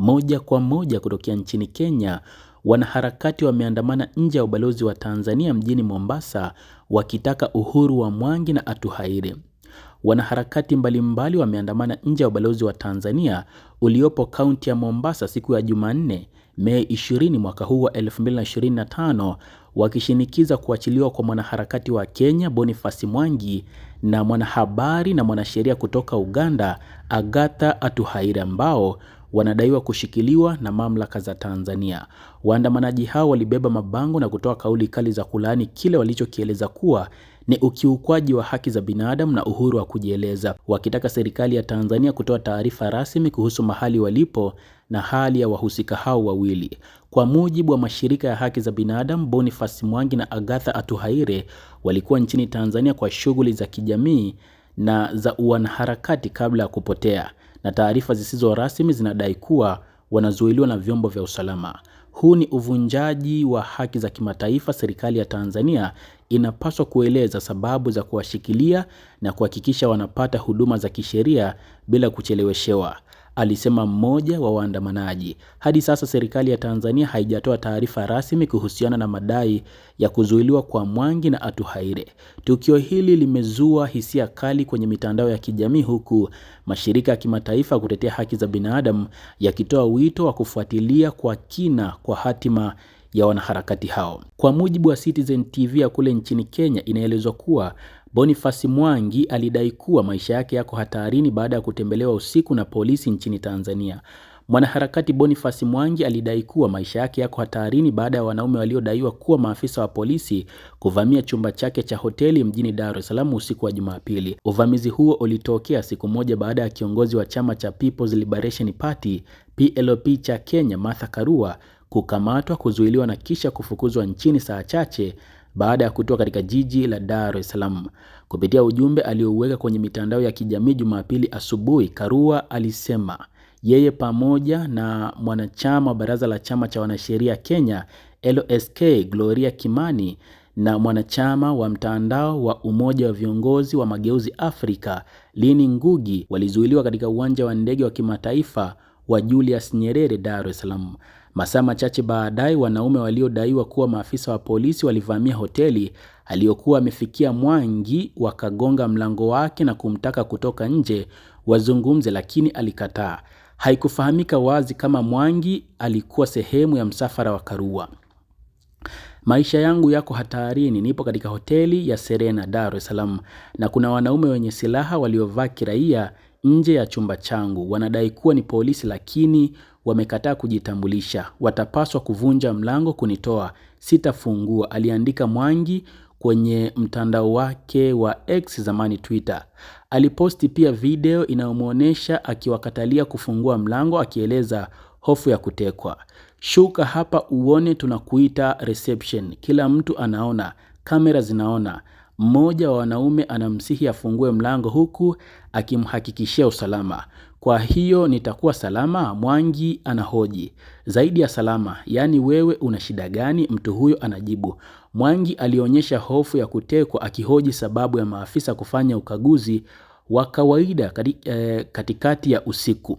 moja kwa moja kutokea nchini Kenya, wanaharakati wameandamana nje ya ubalozi wa Tanzania mjini Mombasa wakitaka uhuru wa Mwangi na Atuhaire. Wanaharakati mbalimbali wameandamana nje ya ubalozi wa Tanzania uliopo kaunti ya Mombasa siku ya Jumanne, Mei 20 mwaka huu wa 2025 wakishinikiza kuachiliwa kwa mwanaharakati wa Kenya Boniface Mwangi na mwanahabari na mwanasheria kutoka Uganda Agatha Atuhaire ambao wanadaiwa kushikiliwa na mamlaka za Tanzania. Waandamanaji hao walibeba mabango na kutoa kauli kali za kulaani kile walichokieleza kuwa ni ukiukwaji wa haki za binadamu na uhuru wa kujieleza, wakitaka serikali ya Tanzania kutoa taarifa rasmi kuhusu mahali walipo na hali ya wahusika hao wawili. Kwa mujibu wa mashirika ya haki za binadamu, Boniface Mwangi na Agatha Atuhaire walikuwa nchini Tanzania kwa shughuli za kijamii na za uanaharakati kabla ya kupotea na taarifa zisizo rasmi zinadai kuwa wanazuiliwa na vyombo vya usalama. Huu ni uvunjaji wa haki za kimataifa. Serikali ya Tanzania inapaswa kueleza sababu za kuwashikilia na kuhakikisha wanapata huduma za kisheria bila kucheleweshewa alisema mmoja wa waandamanaji. Hadi sasa serikali ya Tanzania haijatoa taarifa rasmi kuhusiana na madai ya kuzuiliwa kwa Mwangi na Atuhaire. Tukio hili limezua hisia kali kwenye mitandao ya kijamii huku mashirika ya kimataifa kutetea haki za binadamu yakitoa wito wa kufuatilia kwa kina kwa hatima ya wanaharakati hao. Kwa mujibu wa Citizen TV ya kule nchini Kenya, inaelezwa kuwa Boniface Mwangi alidai kuwa maisha yake yako hatarini baada ya kutembelewa usiku na polisi nchini Tanzania. Mwanaharakati Boniface Mwangi alidai kuwa maisha yake yako hatarini baada ya wanaume waliodaiwa kuwa maafisa wa polisi kuvamia chumba chake cha hoteli mjini Dar es Salaam usiku wa Jumapili. Uvamizi huo ulitokea siku moja baada ya kiongozi wa chama cha People's Liberation Party PLP cha Kenya Martha Karua kukamatwa, kuzuiliwa na kisha kufukuzwa nchini saa chache baada ya kutoka katika jiji la Dar es Salaam. Kupitia ujumbe aliouweka kwenye mitandao ya kijamii Jumapili asubuhi, Karua alisema yeye pamoja na mwanachama wa baraza la chama cha wanasheria Kenya LSK Gloria Kimani na mwanachama wa mtandao wa umoja wa viongozi wa mageuzi Afrika Lini Ngugi walizuiliwa katika uwanja wa ndege wa kimataifa wa Julius Nyerere Dar es Salaam. Masaa machache baadaye, wanaume waliodaiwa kuwa maafisa wa polisi walivamia hoteli aliyokuwa amefikia Mwangi, wakagonga mlango wake na kumtaka kutoka nje wazungumze, lakini alikataa. Haikufahamika wazi kama Mwangi alikuwa sehemu ya msafara wa Karua. Maisha yangu yako hatarini. Nipo katika hoteli ya Serena, Dar es Salaam, na kuna wanaume wenye silaha waliovaa kiraia nje ya chumba changu. Wanadai kuwa ni polisi, lakini wamekataa kujitambulisha, watapaswa kuvunja mlango kunitoa, sitafungua, aliandika Mwangi kwenye mtandao wake wa X zamani Twitter. Aliposti pia video inayomwonyesha akiwakatalia kufungua mlango akieleza hofu ya kutekwa. Shuka hapa uone, tunakuita reception. Kila mtu anaona, kamera zinaona. Mmoja wa wanaume anamsihi afungue mlango huku akimhakikishia usalama. Kwa hiyo nitakuwa salama? Mwangi anahoji. Zaidi ya salama, yaani wewe una shida gani? Mtu huyo anajibu. Mwangi alionyesha hofu ya kutekwa akihoji sababu ya maafisa kufanya ukaguzi wa kawaida eh, katikati ya usiku.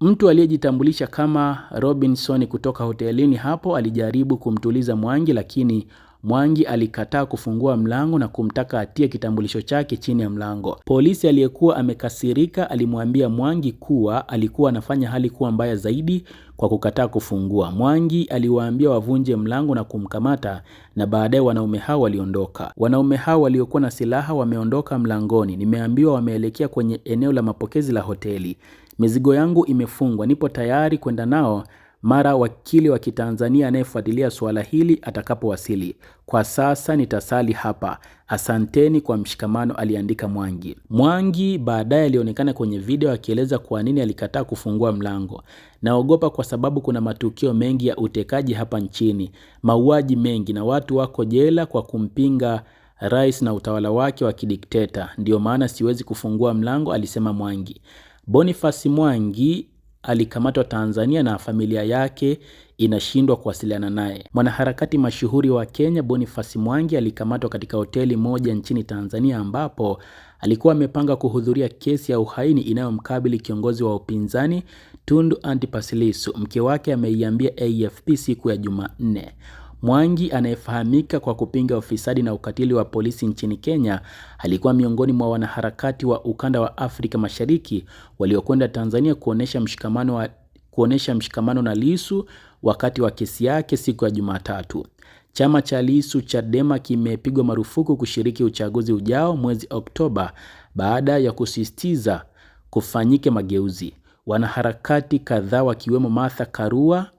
Mtu aliyejitambulisha kama Robinson kutoka hotelini hapo alijaribu kumtuliza Mwangi lakini Mwangi alikataa kufungua mlango na kumtaka atie kitambulisho chake chini ya mlango. Polisi aliyekuwa amekasirika alimwambia Mwangi kuwa alikuwa anafanya hali kuwa mbaya zaidi kwa kukataa kufungua. Mwangi aliwaambia wavunje mlango na kumkamata na baadaye wanaume hao waliondoka. Wanaume hao waliokuwa na silaha wameondoka mlangoni. Nimeambiwa wameelekea kwenye eneo la mapokezi la hoteli. Mizigo yangu imefungwa. Nipo tayari kwenda nao mara wakili wa Kitanzania anayefuatilia suala hili atakapowasili. Kwa sasa nitasali hapa, asanteni kwa mshikamano, aliandika Mwangi. Mwangi baadaye alionekana kwenye video akieleza kwa nini alikataa kufungua mlango. Naogopa kwa sababu kuna matukio mengi ya utekaji hapa nchini, mauaji mengi, na watu wako jela kwa kumpinga rais na utawala wake wa kidikteta. ndio maana siwezi kufungua mlango, alisema Mwangi. Boniface Mwangi alikamatwa Tanzania na familia yake inashindwa kuwasiliana naye. Mwanaharakati mashuhuri wa Kenya Boniface Mwangi alikamatwa katika hoteli moja nchini Tanzania ambapo alikuwa amepanga kuhudhuria kesi ya uhaini inayomkabili kiongozi wa upinzani Tundu Antipas Lissu. Mke wake ameiambia AFP siku ya Jumanne. Mwangi anayefahamika kwa kupinga ufisadi na ukatili wa polisi nchini Kenya alikuwa miongoni mwa wanaharakati wa ukanda wa Afrika Mashariki waliokwenda Tanzania kuonesha mshikamano wa, kuonesha mshikamano na lisu wakati wa kesi yake siku ya Jumatatu. Chama cha lisu Chadema kimepigwa marufuku kushiriki uchaguzi ujao mwezi Oktoba baada ya kusisitiza kufanyike mageuzi. Wanaharakati kadhaa wakiwemo Martha Karua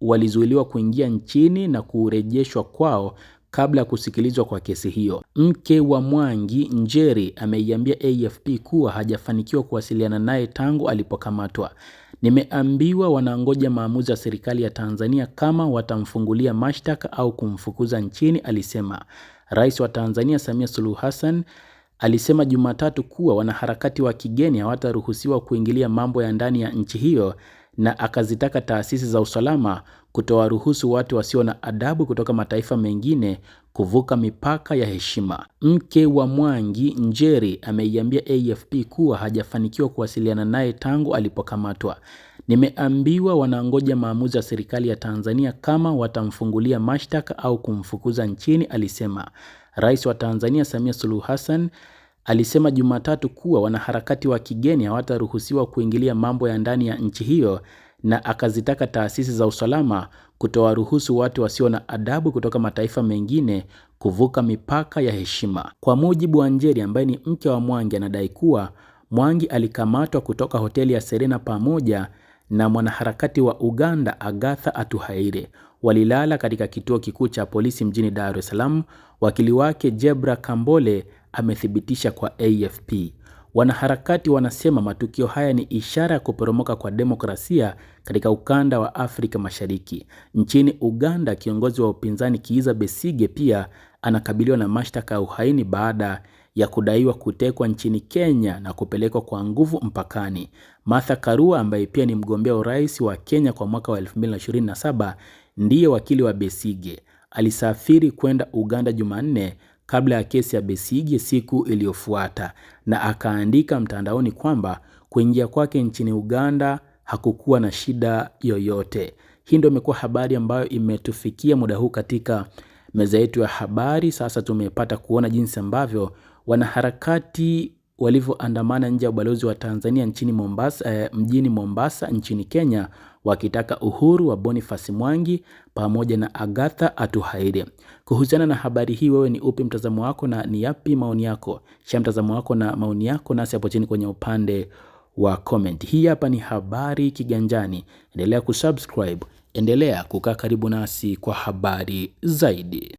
walizuiliwa kuingia nchini na kurejeshwa kwao kabla ya kusikilizwa kwa kesi hiyo. Mke wa Mwangi, Njeri, ameiambia AFP kuwa hajafanikiwa kuwasiliana naye tangu alipokamatwa. Nimeambiwa wanangoja maamuzi ya serikali ya Tanzania kama watamfungulia mashtaka au kumfukuza nchini, alisema. Rais wa Tanzania Samia Suluhu Hassan alisema Jumatatu kuwa wanaharakati wa kigeni hawataruhusiwa kuingilia mambo ya ndani ya nchi hiyo na akazitaka taasisi za usalama kutowaruhusu watu wasio na adabu kutoka mataifa mengine kuvuka mipaka ya heshima. Mke wa Mwangi, Njeri, ameiambia AFP kuwa hajafanikiwa kuwasiliana naye tangu alipokamatwa. Nimeambiwa wanangoja maamuzi ya serikali ya Tanzania kama watamfungulia mashtaka au kumfukuza nchini, alisema. Rais wa Tanzania Samia Suluhu Hassan alisema Jumatatu kuwa wanaharakati wa kigeni hawataruhusiwa kuingilia mambo ya ndani ya nchi hiyo na akazitaka taasisi za usalama kutowaruhusu watu wasio na adabu kutoka mataifa mengine kuvuka mipaka ya heshima. Kwa mujibu wa Njeri ambaye ni mke wa Mwangi, anadai kuwa Mwangi alikamatwa kutoka hoteli ya Serena pamoja na mwanaharakati wa Uganda Agatha Atuhaire. Walilala katika kituo kikuu cha polisi mjini Dar es Salaam. Wakili wake Jebra Kambole amethibitisha kwa AFP. Wanaharakati wanasema matukio haya ni ishara ya kuporomoka kwa demokrasia katika ukanda wa Afrika Mashariki. Nchini Uganda, kiongozi wa upinzani Kiiza Besige pia anakabiliwa na mashtaka ya uhaini baada ya kudaiwa kutekwa nchini Kenya na kupelekwa kwa nguvu mpakani. Martha Karua ambaye pia ni mgombea urais wa Kenya kwa mwaka wa 2027 ndiye wakili wa Besige. Alisafiri kwenda Uganda Jumanne kabla ya kesi ya Besigye siku iliyofuata, na akaandika mtandaoni kwamba kuingia kwake nchini Uganda hakukuwa na shida yoyote. Hii ndio imekuwa habari ambayo imetufikia muda huu katika meza yetu ya habari. Sasa tumepata kuona jinsi ambavyo wanaharakati walivyoandamana nje ya ubalozi wa Tanzania nchini Mombasa, eh, mjini Mombasa nchini Kenya wakitaka uhuru wa Boniface Mwangi pamoja na Agatha Atuhaire. Kuhusiana na habari hii, wewe ni upi mtazamo wako na ni yapi maoni yako? Shia mtazamo wako na maoni yako nasi hapo chini kwenye upande wa comment. Hii hapa ni Habari Kiganjani. Endelea kusubscribe, endelea kukaa karibu nasi kwa habari zaidi.